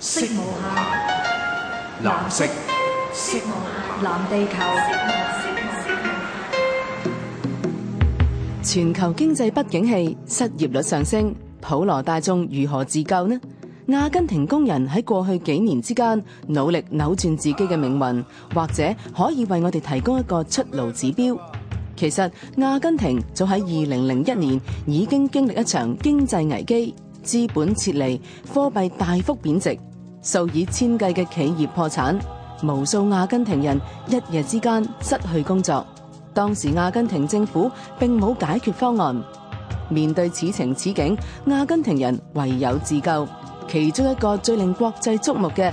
色無下，藍色。色無限，藍地球。全球經濟不景氣，失業率上升，普羅大眾如何自救呢？阿根廷工人喺過去幾年之間努力扭轉自己嘅命運，或者可以為我哋提供一個出路指標。其實阿根廷早喺二零零一年已經經歷一場經濟危機。資本撤離，貨幣大幅貶值，數以千計嘅企業破產，無數阿根廷人一夜之間失去工作。當時阿根廷政府並冇解決方案，面對此情此景，阿根廷人唯有自救。其中一個最令國際矚目嘅。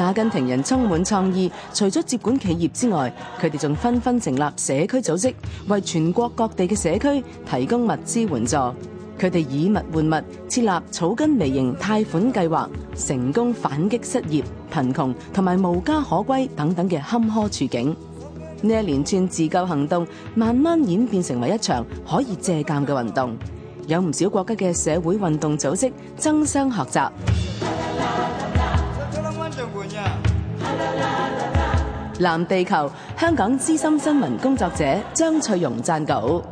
阿根廷人充滿創意，除咗接管企業之外，佢哋仲紛紛成立社區組織，為全國各地嘅社區提供物資援助。佢哋以物換物，設立草根微型貸款計劃，成功反擊失業、貧窮同埋無家可歸等等嘅坎坷處境。呢一連串自救行動，慢慢演變成為一場可以借鑒嘅運動。有唔少國家嘅社會運動組織爭相學習。 藍地球，香港資深新聞工作者張翠蓉撰稿。